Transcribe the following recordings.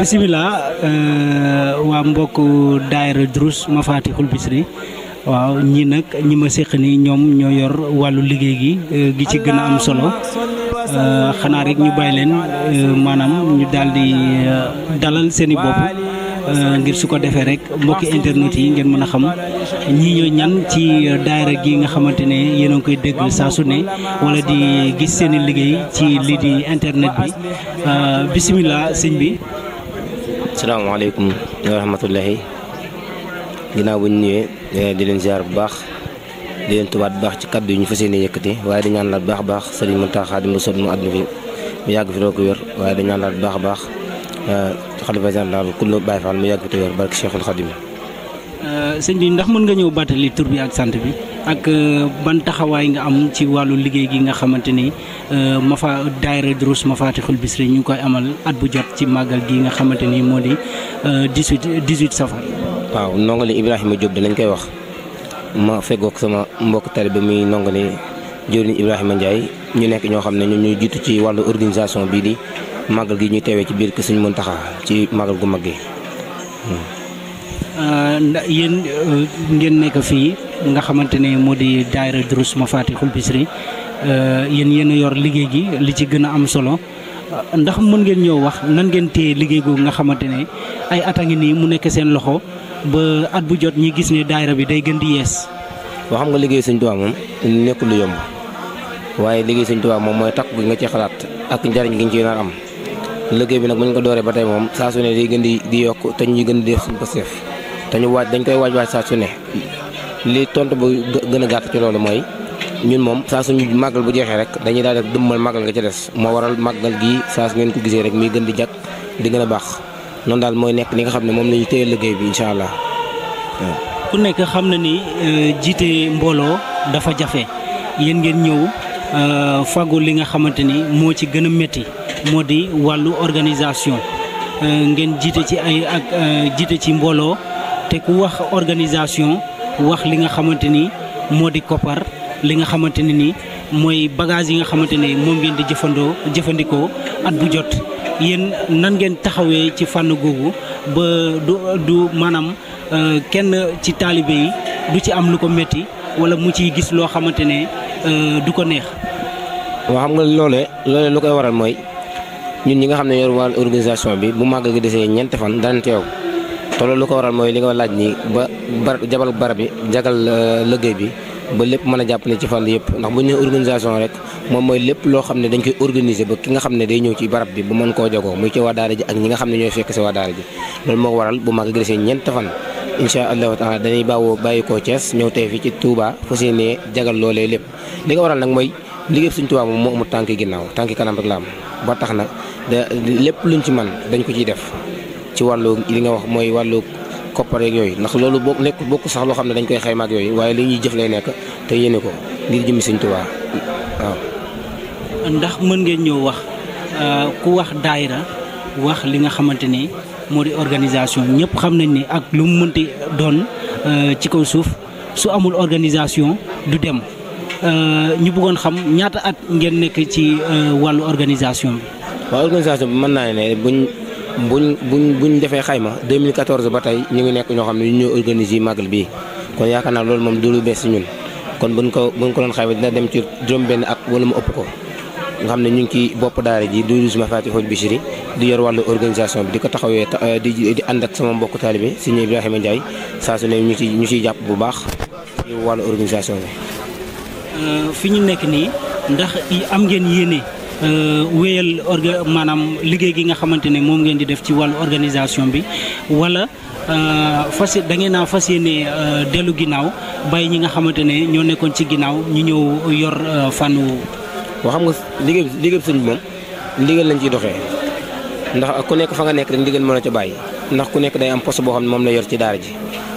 bisimilah euh, waa mbokk daayira Durus Mafatihul Bichri waaw ñi nag ñi ma séq ni ñoom ñoo yor wàllu liggéey gi euh, gi ci gën a am solo euh, xanaa rek ñu bàyyi leen maanaam ñu daal di dalal seeni bopp Euh, ngir su ko defee rek mbokki internet yi ngeen mën a xam ñii ñoo ñan ci euh, daayira gi nga xamante ne yéen a ngi koy dégg saa su ne wala di gis seen i liggéey ci lii di internet bi euh, bisimilah sëñ bi. asalaamaaleykum wa rahmatullahi ginnaaw bu ñu ñëwee eh, di leen ziar bu baax di leen tubaat bu baax ci kàddu yi ñu fas yéene yëkkati waaye di ñaan laat baax a baax sëriñ Mountakha Xaadim mu àdduna fi mu yàgg fi doo ko wér waaye di ñaan laat bu baax a baax. xalifa euh, général kullu Baye Fall mu yàgg te wér barke euh, bi ndax mën nga ñëw bàttali tur bi ak sant bi ak euh, ban taxawaay nga am ci wàllu liggéey gi nga xamante ni Mafa daayira Durus Mafatihul Bichri ñu ngi koy amal at bu jot ci màggal gi nga xamante ni moo di 18 18 safar. waaw nongole Ibrahima Diop danañ koy wax ma feggoog sama mbokk tali bi muy nongole jëriñ Ibrahima Ndiaye ñu nekk ñoo xam ne ñun ñuy jiitu ci wàllu organisation bii di. màggal gi ñuy teewee ci biir kër Sëriñ Muntaxa ci màggal gu mag gi. Hmm. Euh, ndax euh, ngeen nekk fii nga xamante ne moo di daayira Durus Mafatihul Bichri euh, yéen yéen yor liggéey gi li ci gën a am solo ndax mën ngeen ñëw wax nan ngeen téye liggéey googu nga xamante ne ay at a nii mu nekk seen loxo ba at bu jot ñi gis ne daayira bi day gën di yees. waa xam nga liggéey Sëriñ Tuubaa moom nekkul lu yomb waaye liggéey Sëriñ Tuubaa moom mooy takk gi nga ci xalaat ak njariñ gi nga ci nar liggéey bi nag bu ñu ko dooree ba tey moom saa su ne day gën di di yokk te ñuy gën di def ko seef te ñu waaj dañ koy waaj waaj saa su ne li tontu bu gën a gàtt ci loolu mooy ñun moom saa suñu màggal bu jeexee rek dañuy daal di dëmmal màggal nga ci des moo waral màggal gi saa su ngeen ko gisee rek muy gën di jàkk di gën a baax noonu daal mooy nekk li nga xam ne moom la ñu téye liggéey bi incha allah ku nekk xam na ni euh, jiite mbooloo dafa jafe yéen ngeen ñëw euh, fagul li nga xamante ni moo ci gën a métti moo di wàllu organisation euh, ngeen jiite ci ay ak euh, jiite ci mbooloo te ku wax organisation wax li nga xamante ni moo di koppar li nga xamante ne ni mooy bagage yi nga xamante ni moo ngeen di jëfandoo jëfandikoo at bu jot yéen nan ngeen taxawee ci fànn googu ba du du maanaam euh, kenn ci taalibe yi du ci am lu ko métti wala mu ciy gis loo xamante ne du ko neex. waa xam nga loole loole lu koy waral mooy ñun ñi nga xam ne yor wàllu organisation bi bu màggal gi desee ñeenti fan danañ teew te loolu lu ko waral mooy li nga laaj ni ba bar jabal barab bi jagal euh, liggéey bi ba lépp mën a jàpp jàppale ci fànn yëpp ndax mu ne nee organisation rek moom mooy lépp loo xam ne dañ koy organiser ba ki nga xam ne day ñëw ci barab bi bu mën koo jagoo muy ci waa daara ji ak ñi nga xam ne ñooy fekk si waa daara ji loolu moo waral bu màggal gi desee ñeenti fan incha allahu taala dañuy bàyyoo bàyyi koo Thiès ñëw tey fii ci Touba fas yéenee jagal loolee lépp li nga waral nag liggéey suñ tubaab moom moo amul tànk ginnaaw tànk kanam rek la am ba tax na da lépp luñ ci man dañ ko ciy def ci wàllu li nga wax mooy wàllu koppar yooyu ndax loolu boo nekk bokk sax loo xam ne dañ koy xayma yooyu waaye li ñuy jëf lay nekk te yéene ko ngir jëmi suñ tubaab waaw. ndax mën ngeen ñëw wax euh, ku wax daayira wax li nga xamante ni moo di organisation ñëpp xam nañ ni ak lu mu mënti doon euh, ci kaw suuf su amul organisation du dem. Euh, ñu buggoon xam ñaata at ngeen nekk ci euh, wàllu organisation bi. waa organisation bi mën naa ne buñ buñ buñ buñ defee xayma 2014 ba tey ñu ngi nekk ñoo xam ne ñu ñoo organiser màggal bi kon yaakaar naa loolu moom du lu bees si ñun kon buñ ko buñ ko doon xayma dina dem ci juróom-benn at wala mu ëpp ko. nga xam ne ñu ngi ci bopp daara ji di Louga bi Bichri di yor wàllu organisation bi di ko taxawee euh, di di ànd ak sama mbokk taalibe Sëriñ Ibrahima Ndiaye saa su ne ñu ciy ñu ciy jàpp bu baax ci wàllu bi. Euh, fi ñu nekk nii ndax am ngeen yéene euh, wéyal orga maanaam liggéey gi nga xamante ne moom ngeen di def ci wàllu organisation bi wala euh, fas da ngeen naa fas yéene dellu ginnaaw bàyyi ñi nga xamante ne ñoo nekkoon ci ginnaaw ñu ñëw yor fànn woowu. waaw xam nga liggéey liggéey sëñ bi moom ndigal lañ ci doxee ndax ku nekk fa nga nekk rek ndigal mën a ca bàyyi ndax ku nekk day am post boo xam ne moom la yor ci daara ji.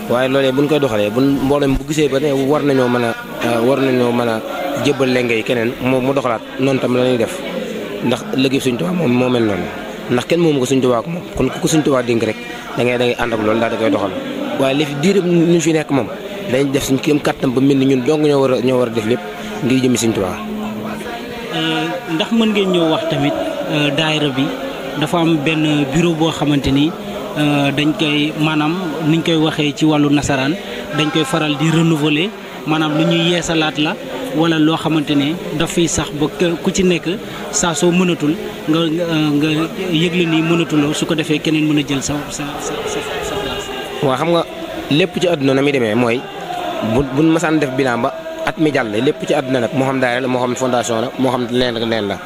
waaye loolee buñ koy doxalee bu mboolem bu gisee ba ne war nañoo mën a euh, war nañoo mën a jébbal lenge yi keneen moom mu doxalaat noonu tam la ñuy def ndax liggéey suñ tubaa moom moo mel noonu ndax kenn moomu ko suñ tubaa ko moom kon ku ko suñ tubaa dénk rek da ngay da ngay ànd ak loolu daal da koy doxal waaye li fi diirëm ñu fi nekk moom dañ def suñ kéem kàttan ba mel ni ñun dong ñoo war a ñoo war a def lépp ngir jëmi suñ tubaa euh, ndax mën ngeen ñoo wax tamit euh, daayira bi dafa am benn bureau boo xamante ni Euh, dañ koy maanaam niñ koy waxee ci wàllu nasaraan dañ koy faral di renouveler maanaam lu ñuy yeesalaat la wala loo xamante ne daf fi sax ba ku ci nekk saa soo mënatul nga nga yëgle ni mënatuloo su ko defee keneen mën a jël sa sa xam nga lépp ci àdduna na mi demee mooy bu bu masaan def bilan ba at mi jàll lépp ci àdduna nag moo xam daara la moo xam fondation la moo xam leneen ak la.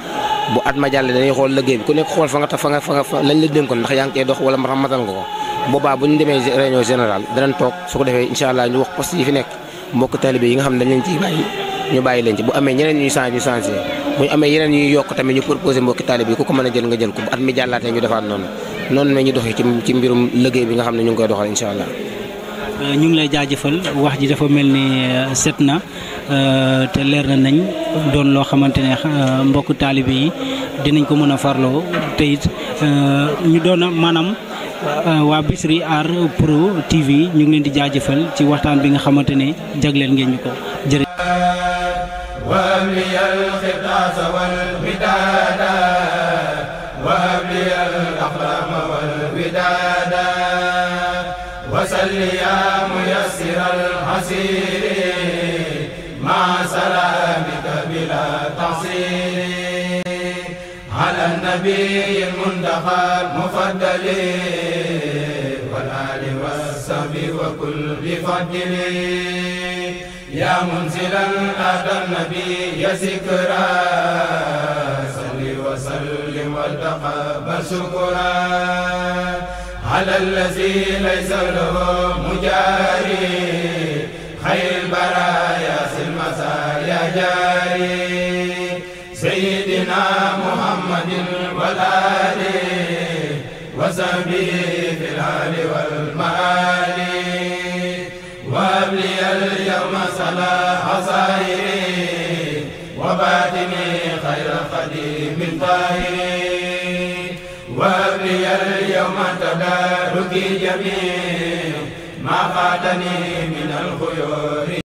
bu at ma jàlle dañuy xool liggéey bi ku nekk xool fa nga tax fa nga fa nga fa lañ la dénkoon ndax yaa ngi dox wala matam nga ko boobaa bu ñu demee réunion générale danañ toog su ko defee incha allah ñu ngi lay jaajëfal wax ji dafa mel ni euh, set na Euh, te leer na nañ doon loo xamante ne euh, mbokku taalibe yi dinañ ko mën a farloo te euh, ñu doon maanaam waa Bichri Art Pro TV ñu ngi leen di jaajëfal ci waxtaan bi nga xamante ne jagleel ngeen ñu ko jërëjëf. وسل يا ميسر العسير كلامك بلا تعصير على النبي المنتقى المفضل والآل والصحب وكل فضل يا منزلا أتى النبي يا ذكرى صل وسلم وتقبل شكرا على الذي ليس له مجاري جاري سيدنا محمد والآل وصحبه في الحال والمال وابلي اليوم صلاح صائري وباتني خير قديم طاهر وابلي اليوم تدارك جميع ما فاتني من الخيور